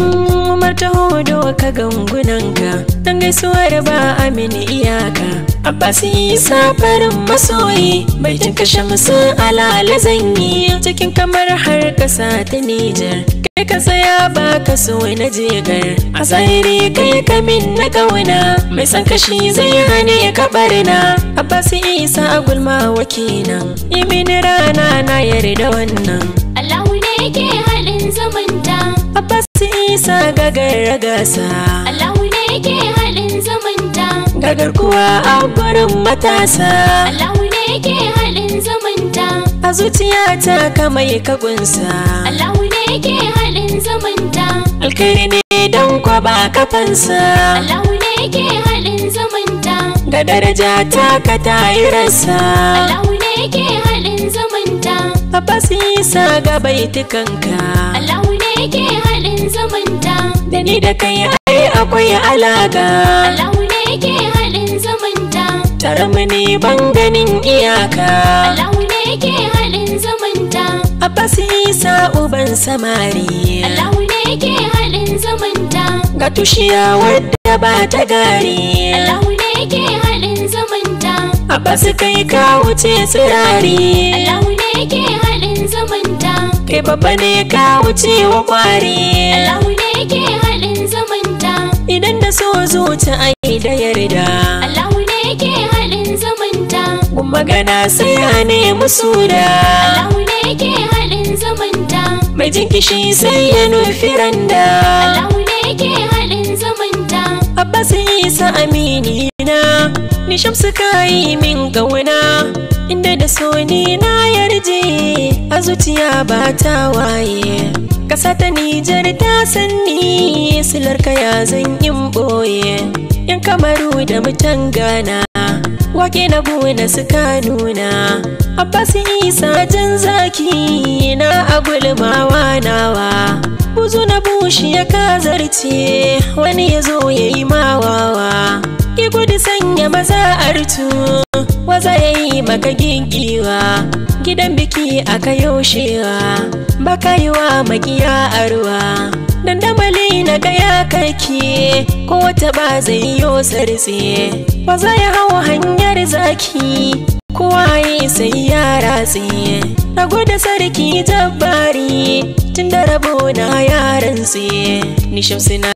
Umar taho ka gangunanka Dan gaisuwa da ba amini iyaka Abbas Isa farin masoyi Bai jin kashe musu alala zanyi Cikin kamar har kasa ta Nijar Kai ka saya ba ka so na jegar A zahiri kai kamin na kauna Mai san kashi zai hane ka barna Abbas Isa a gulma wakinan Imini rana na yarda wannan Allahu ne ke halin zumunta Abbas nisa gagar gasa Allahu ne yake halin zumunta gagar kuwa a gurin matasa Allahu ne yake halin zumunta a zuciya ta kama yi kagunsa Allahu ne yake halin zumunta alkhairi ne dan kwaba kafansa Allahu ne ke halin zumunta ga daraja ta ka tayirarsa Allahu ne ke halin zumunta yi sa ga baitukanka Allahu yake haɗin zumunta da ni da kai ai akwai alaka Allahu ne yake haɗin zumunta tare mu ban ganin iyaka Allahu ne yake haɗin zumunta Abbas Isa uban samari Allahu ne yake haɗin zumunta ga tushiya wadda ba ta gari Allahu ne yake haɗin zumunta Abbas kai ka wuce tsirari yake babba ne ya wuce wa kwari Allahu ne yake haɗin zamanta idan da so zuci yi da yarda Allahu ne yake haɗin zamanta kun magana sai a nemi suda Allahu ne yake haɗin zamanta mai jinkishi sai ya nufi randa Allahu ni shamsu ka yi min gauna inda da soni na yarje a zuciya ba ta waye ƙasa ta nijar ta sanni silar ya zan yin ɓoye yan kamaru da mutan gana wake na gona suka nuna abbasu isa jan zaki na agulmawa nawa buzu na bushe ya kazarce wani ya zo ya yi mawawa da maza artu waza ya yi maka gingiwa gidan biki aka yaushewa baka yi wa makiya arwa dan damali na gaya kake ko wata ba zai yo sarse waza ya hau hanyar zaki kowa yi sai ya ratse na gwada sarki tabbari tun da rabo na yaran sai ni shamsina